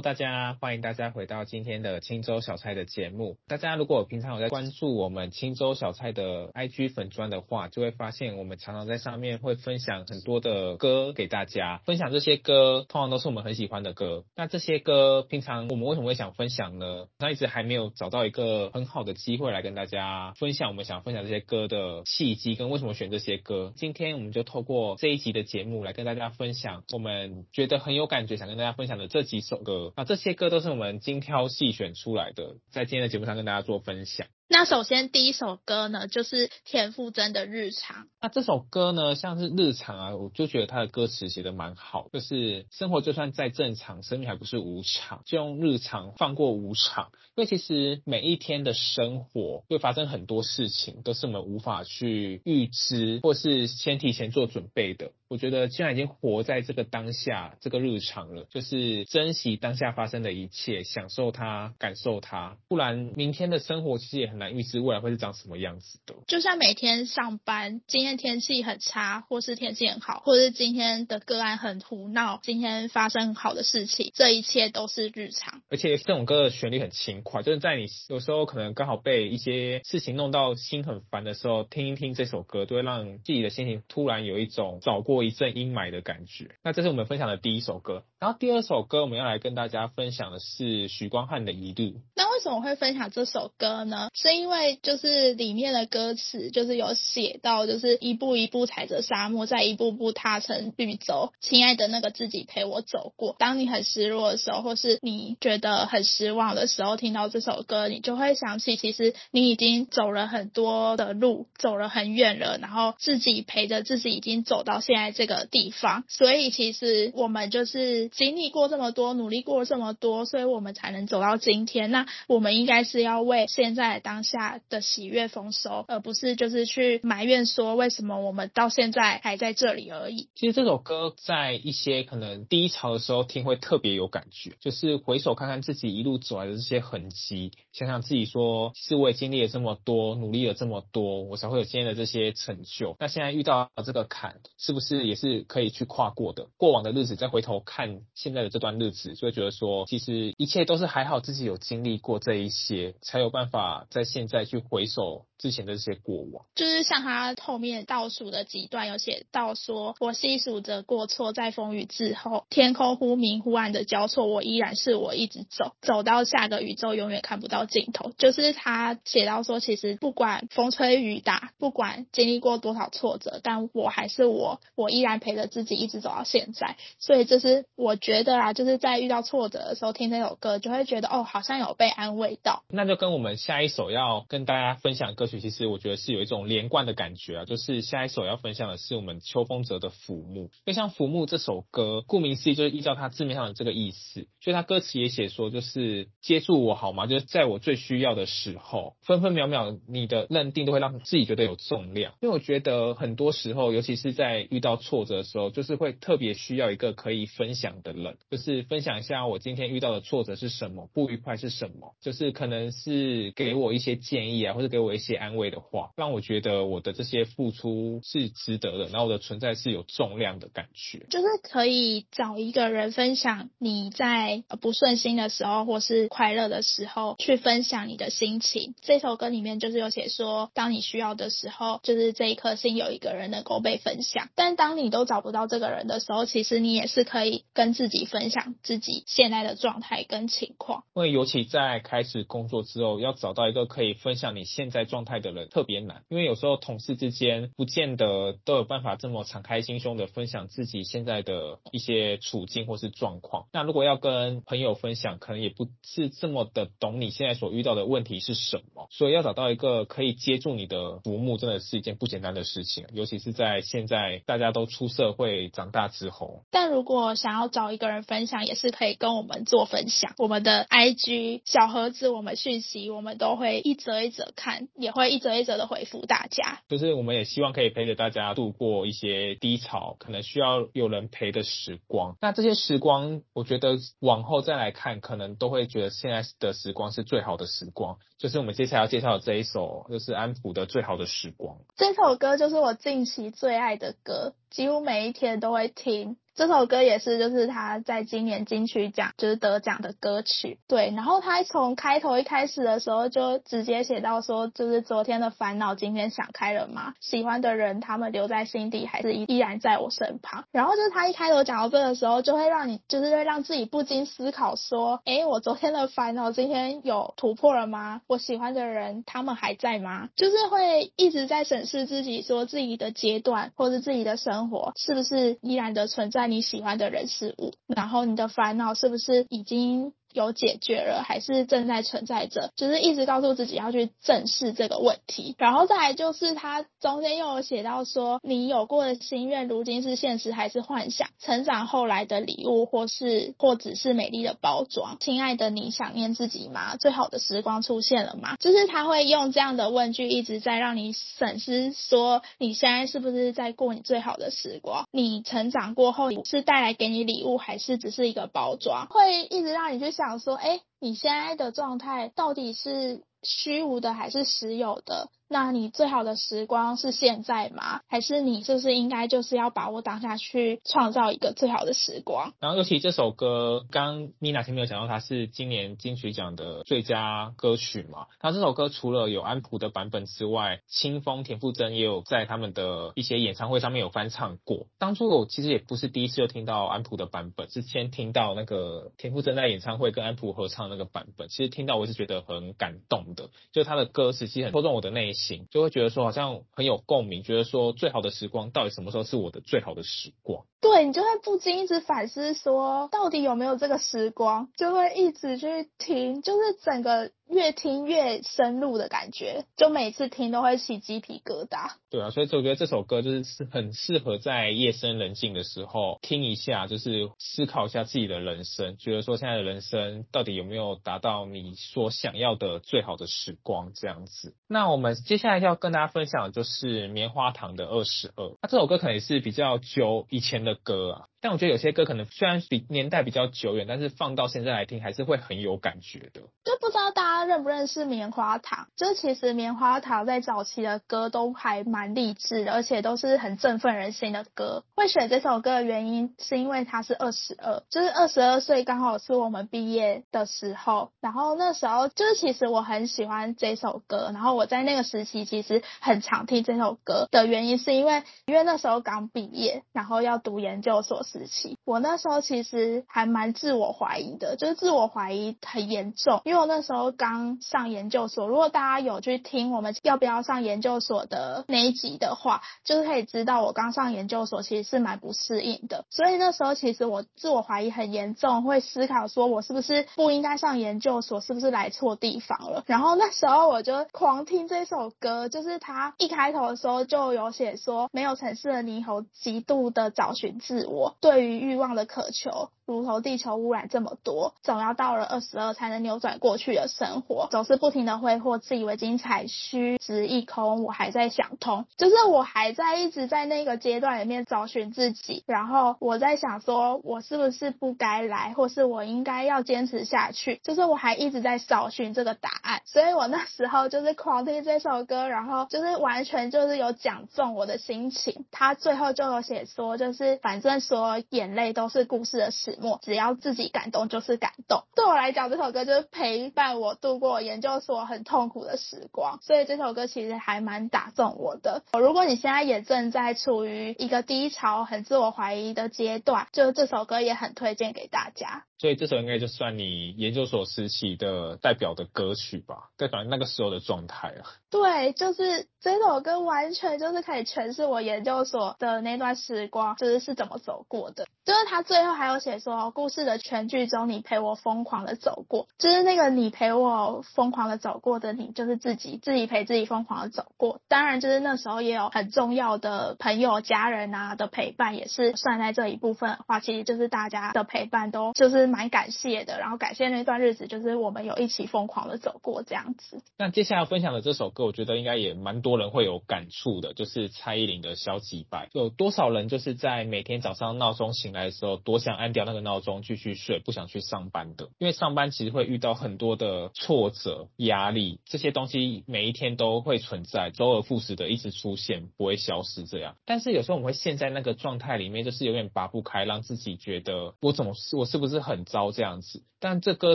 大家，歡迎大家回到今天的青州小菜的節目。大家如果平常有在關注我們青州小菜的 IG 粉專的話，就會發現我們常常在上面會分享很多的歌給大家。分享這些歌通常都是我們很喜歡的歌。那這些歌平常我們為什麼會想分享呢？那一直還沒有找到一個很好的機會來跟大家分享我們想分享這些歌的契機跟為什麼選這些歌。今天我們就透過這一集的節目來跟大家分享我們覺得很有感覺想跟大家分享的這幾首歌。啊，這些歌都是我們精挑細選出來的，在今天的節目上跟大家做分享。那首先第一首歌呢，就是田馥甄的《日常》。那這首歌呢，像是《日常》啊，我就覺得他的歌詞寫得蠻好的，就是生活就算再正常，生命還不是無常，就用日常放過無常。因為其實每一天的生活會發生很多事情，都是我們無法去預知或是先提前做準備的。我覺得既然已經活在這個當下，這個日常了，就是珍惜當下發生的一切，享受它、感受它。不然，明天的生活其實也很難預知未來會是長什麼樣子的。就像每天上班，今天天氣很差，或是天氣很好，或是今天的個案很胡鬧，今天發生很好的事情，這一切都是日常。而且這首歌的旋律很輕快，就是在你有時候可能剛好被一些事情弄到心很煩的時候，聽一聽這首歌，都會讓自己的心情突然有一種找過一陣陰霾的感覺。那這是我們分享的第一首歌。然後第二首歌我們要來跟大家分享的是許光漢的《一日》。那為什麼我會分享這首歌呢？是因為就是裡面的歌詞就是有寫到，就是一步一步踩着沙漠，再一步步踏成綠洲。親愛的那個自己陪我走過。當你很失落的時候，或是你覺得很失望的時候，聽到這首歌，你就會想起，其實你已經走了很多的路，走了很遠了。然後自己陪着自己，已經走到現在。這個地方，所以其實我們就是經歷過這麼多，努力過這麼多，所以我們才能走到今天。那我們應該是要為現在當下的喜悅豐收，而不是就是去埋怨說為什麼我們到現在還在這裡而已。其實這首歌在一些可能低潮的時候聽會特別有感覺，就是回首看看自己一路走來的這些痕迹，想想自己說，其實我也經歷了這麼多，努力了這麼多，我才會有今天的這些成就。那現在遇到這個坎，是不是？也是可以去跨過的。過往的日子，再回頭看現在的這段日子，所以覺得說，其實一切都是還好，自己有經歷過這一些，才有辦法在現在去回首之前的這些過往。就是像他後面倒數的幾段有寫到說，說我細數着過錯，在風雨之後，天空忽明忽暗的交錯，我依然是我，一直走，走到下個宇宙，永遠看不到盡頭。就是他寫到說，其實不管風吹雨打，不管經歷過多少挫折，但我還是我。我依然陪着自己一直走到現在，所以這是我覺得啊，就是在遇到挫折的時候聽這首歌，就會覺得哦，好像有被安慰到。那就跟我們下一首要跟大家分享的歌曲，其實我覺得是有一種連貫的感覺啊，就是下一首要分享的是我們邱鋒澤的《浮木》，因為像《浮木》這首歌，顧名思義就是依照它字面上的這個意思，所以它歌詞也寫說，就是接住我好嗎？就是在我最需要的時候，分分秒秒你的認定都會讓自己覺得有重量。因為我覺得很多時候，尤其是在遇到到挫折的時候，就是會特別需要一個可以分享的人，就是分享一下我今天遇到的挫折是什麼，不愉快是什麼，就是可能是給我一些建議啊，或者給我一些安慰的話，讓我覺得我的這些付出是值得的，然後我的存在是有重量的感覺。就是可以找一個人分享你在不順心的時候，或是快樂的時候去分享你的心情。這首歌裡面就是有寫說，當你需要的時候，就是這一顆心有一個人能夠被分享，但，當你都找不到這個人的時候，其實你也是可以跟自己分享自己現在的狀態跟情況。因為尤其在開始工作之後，要找到一個可以分享你現在狀態的人特別難。因為有時候同事之間不見得都有辦法這麼敞開心胸的分享自己現在的一些處境或是狀況。那如果要跟朋友分享，可能也不是這麼的懂你現在所遇到的問題是什麼。所以要找到一個可以接住你的浮木，真的是一件不簡單的事情。尤其是在現在大家。都出社會長大之後，但如果想要找一個人分享，也是可以跟我們做分享。我們的 IG 小盒子，我們訊息，我們都會一則一則看，也會一則一則的回復大家。就是我們也希望可以陪着大家度過一些低潮，可能需要有人陪的時光。那這些時光，我覺得往後再來看，可能都會覺得現在的時光是最好的時光。就是我們接下來要介紹的這一首，就是安溥的最好的時光。這首歌就是我近期最愛的歌。幾乎每一天都會聽。這首歌也是，就是他在今年金曲獎就是得獎的歌曲，對。然後他從開頭一開始的時候就直接寫到說，就是昨天的煩惱今天想開了嗎？喜歡的人他們留在心底還是依然在我身旁？然後就是他一開頭講到這個時候，就會讓你就是會讓自己不禁思考說，哎，我昨天的煩惱今天有突破了嗎？我喜歡的人他們還在嗎？就是會一直在審視自己，說自己的階段或是自己的生活是不是依然的存在。那你喜歡的人事物，然後你的煩惱是不是已經？有解決了還是正在存在着，就是一直告訴自己要去正視這個問題。然後再來就是他中間又有寫到說，你有過的心願如今是現實還是幻想？成長後來的禮物，或是或只是美麗的包裝？親愛的，你想念自己嗎？最好的時光出現了嗎？就是他會用這樣的問句，一直在讓你審視說，你現在是不是在過你最好的時光？你成長過後是帶來給你禮物，還是只是一個包裝？會一直讓你去想。想說，哎、欸，你現在的狀態到底是虛無的還是實有的？那你最好的時光是現在嗎？還是你就是應該就是要把握當下去創造一個最好的時光？然後，尤其這首歌，剛米娜前面有講到，它是今年金曲獎的最佳歌曲嘛？然後這首歌除了有安溥的版本之外，青峰田馥甄也有在他們的一些演唱會上面有翻唱過。當初我其實也不是第一次就聽到安溥的版本，是先聽到那個田馥甄在演唱會跟安溥合唱那個版本。其實聽到我是覺得很感動的，就他的歌詞其實很戳中我的內心。行，就會覺得說好像很有共鳴，覺得說最好的時光到底什麼時候是我的最好的時光？對你就會不禁一直反思說，到底有沒有這個時光？就會一直去聽，就是整個。越聽越深入的感覺，就每次聽都會起雞皮疙瘩。對啊，所以就覺得這首歌就是很適合在夜深人靜的時候聽一下，就是思考一下自己的人生，覺得說現在的人生到底有沒有達到你所想要的最好的時光這樣子。那我們接下來要跟大家分享的就是棉花糖的二十二，那、啊、這首歌可能也是比較久以前的歌啊。但我覺得有些歌可能雖然比年代比較久遠，但是放到現在來聽還是會很有感覺的。就不知道大家認不認識棉花糖，就是其實棉花糖在早期的歌都還蠻勵志的，而且都是很振奮人心的歌。會選這首歌的原因是因為它是二十二，就是二十二歲剛好是我們畢業的時候。然後那時候就是其實我很喜歡這首歌，然後我在那個時期其實很常聽這首歌的原因是因為因為那時候剛畢業，然後要讀研究所。時期，我那時候其實還蠻自我懷疑的，就是自我懷疑很嚴重，因為我那時候剛上研究所。如果大家有去聽我們要不要上研究所的那一集的話，就是可以知道我剛上研究所其實是蠻不適應的。所以那時候其實我自我懷疑很嚴重，會思考說我是不是不應該上研究所，是不是來錯地方了。然後那時候我就狂聽這首歌，就是他一開頭的時候就有寫說，沒有城市的霓虹，極度的找尋自我。對於欲望的渴求。如同地球污染這麼多，總要到了二十二才能扭轉過去的生活。總是不停的揮霍，自以為精彩，虛擲一空。我還在想通，就是我還在一直在那個階段裡面找尋自己。然後我在想說，我是不是不該來，或是我應該要堅持下去？就是我還一直在找尋這個答案。所以我那時候就是狂聽這首歌，然後就是完全就是有講中我的心情。他最後就有寫說，就是反正所有眼淚都是故事的事。我只要自己感動就是感動。對我來講，這首歌就是陪伴我度過研究所很痛苦的時光，所以這首歌其實還蠻打動我的。如果你現在也正在處於一個低潮，很自我懷疑的階段，就這首歌也很推薦給大家。所以這首應該就算你研究所時期的代表的歌曲吧。對，反正那個時候的狀態啊。對，就是這首歌完全就是可以詮釋我研究所的那段時光，就是是怎麼走過的。就是他最後還有寫。說故事的全劇終，你陪我瘋狂的走過，就是那個你陪我瘋狂的走過的你，就是自己自己陪自己瘋狂的走過。當然，就是那時候也有很重要的朋友、家人啊的陪伴，也是算在這一部分的話，其實就是大家的陪伴都就是蠻感謝的。然後感謝那段日子，就是我們有一起瘋狂的走過這樣子。那接下來分享的這首歌，我覺得應該也蠻多人會有感觸的，就是蔡依林的《消極掰》，有多少人就是在每天早上鬧鐘醒來的時候，多想按掉。那個鬧鐘繼續睡，不想去上班的，因為上班其實會遇到很多的挫折、壓力，這些東西每一天都會存在，周而復始的一直出現，不會消失這樣。但是有時候我們會陷在那個狀態裡面，就是有點拔不開，讓自己覺得我怎麼，我是不是很糟這樣子。但這歌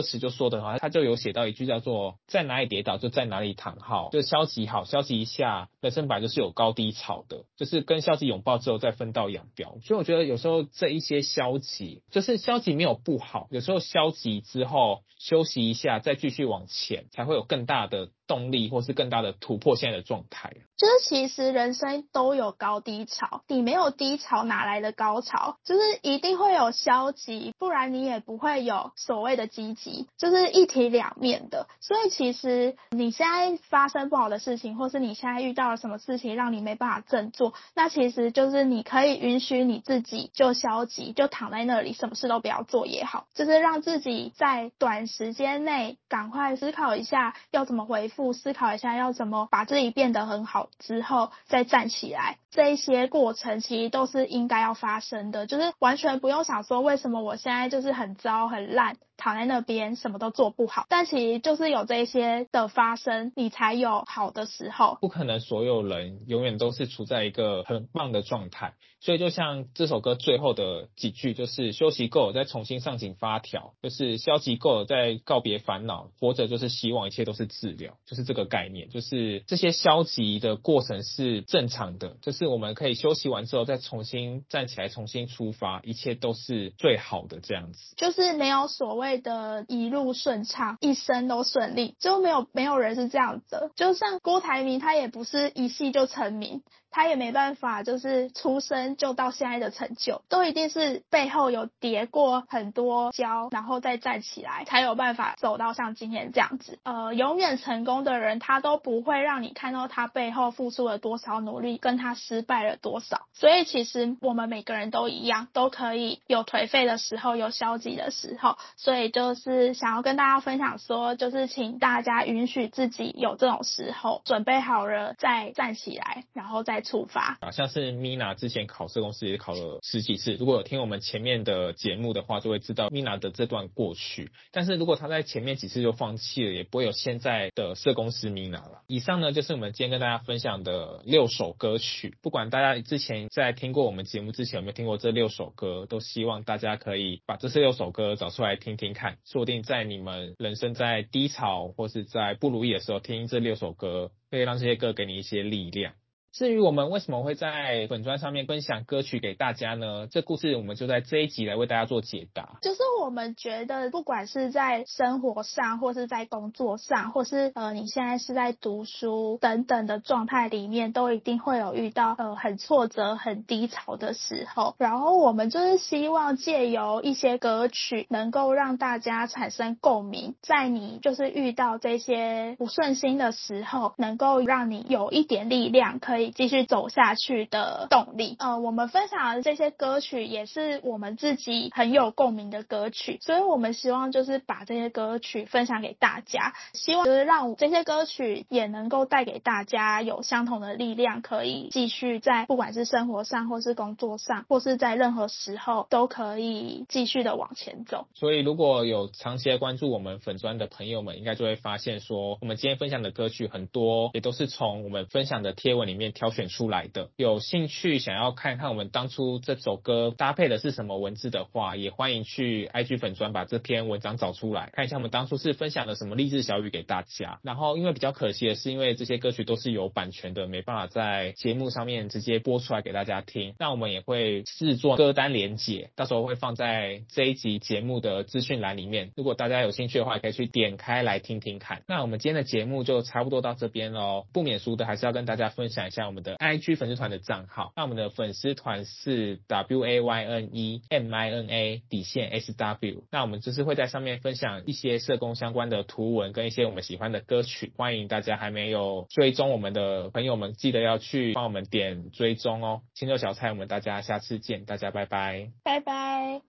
詞就說的話，他就有寫到一句叫做在哪裡跌倒就在哪裡躺好，就消極好，消極一下，人生本來就是有高低潮的，就是跟消極擁抱之後再分道揚鑣。所以我覺得有時候這一些消極，就是消極沒有不好，有時候消極之後休息一下，再繼續往前，才會有更大的，動力，或是更大的突破，現在的狀態，就是其實人生都有高低潮，你沒有低潮哪來的高潮？就是一定會有消極，不然你也不會有所謂的積極，就是一體兩面的。所以其實你現在發生不好的事情，或是你現在遇到了什麼事情讓你沒辦法振作，那其實就是你可以允許你自己就消極，就躺在那裡，什麼事都不要做也好，就是讓自己在短時間內趕快思考一下要怎麼回復。思考一下，要怎麼把自己變得很好之後，再站起來。這一些過程其實都是應該要發生的，就是完全不用想說為什麼我現在就是很糟很爛，躺在那邊什麼都做不好。但其實就是有這一些的發生，你才有好的時候。不可能所有人永遠都是處在一個很棒的狀態。所以就像這首歌最後的幾句，就是休息夠了再重新上緊發條，就是消極夠了再告別煩惱，活着就是希望，一切都是治療，就是這個概念，就是這些消極的過程是正常的，就是。我們可以休息完之後，再重新站起來，重新出發，一切都是最好的這樣子。就是沒有所謂的一路順暢，一生都順利，就沒有沒有人是這樣子。就像郭台銘，他也不是一夕就成名。他也沒辦法，就是出生就到現在的成就，都一定是背後有跌過很多跤，然後再站起來，才有辦法走到像今天這樣子。呃，永遠成功的人，他都不會讓你看到他背後付出了多少努力，跟他失敗了多少。所以其實我們每個人都一樣，都可以有頹廢的時候，有消極的時候。所以就是想要跟大家分享說，就是請大家允許自己有這種時候，準備好了再站起來，然後再。處罰好像是 Mina 之前考社工師也考了十幾次。如果有聽我們前面的節目的話，就會知道 Mina 的這段過去。但是如果她在前面幾次就放棄了，也不會有現在的社工師 Mina 了。以上呢，就是我們今天跟大家分享的六首歌曲。不管大家之前在聽過我們節目之前有沒有聽過這六首歌，都希望大家可以把這四六首歌找出來聽聽看。說不定在你們人生在低潮或是在不如意的時候聽這六首歌，可以讓這些歌給你一些力量。至於我們為什麼會在粉專上面分享歌曲給大家呢？這故事我們就在這一集來為大家做解答。就是我們覺得，不管是在生活上，或是在工作上，或是呃你現在是在讀書等等的狀態裡面，都一定會有遇到呃很挫折、很低潮的時候。然後我們就是希望借由一些歌曲，能夠讓大家產生共鳴，在你就是遇到這些不順心的時候，能夠讓你有一點力量，可以。繼續走下去的動力。呃，我們分享的這些歌曲也是我們自己很有共鳴的歌曲，所以我們希望就是把這些歌曲分享給大家，希望就是讓這些歌曲也能夠帶給大家有相同的力量，可以繼續在不管是生活上，或是工作上，或是在任何時候都可以繼續的往前走。所以，如果有長期的關注我們粉專的朋友們，應該就會發現說，我們今天分享的歌曲很多，也都是從我們分享的貼文裡面。挑選出來的，有興趣想要看看我們當初這首歌搭配的是什麼文字的話，也歡迎去 IG 粉專把這篇文章找出來，看一下我們當初是分享了什麼勵志小語給大家。然後因為比較可惜的是，因為這些歌曲都是有版權的，沒辦法在節目上面直接播出來給大家聽。那我們也會製作歌單連結，到時候會放在這一集節目的資訊欄裡面。如果大家有興趣的話，也可以去點開來聽聽看。那我們今天的節目就差不多到這邊嘍。不免俗的，還是要跟大家分享一下。我們的 IG 粉絲團的賬號，那我們的粉絲團是 WAYNEMINA 底線 SW，那我們就是會在上面分享一些社工相關的圖文跟一些我們喜歡的歌曲，歡迎大家還沒有追蹤我們的朋友們，記得要去幫我們點追蹤哦。青肉小菜，我們大家下次見，大家拜拜，拜拜。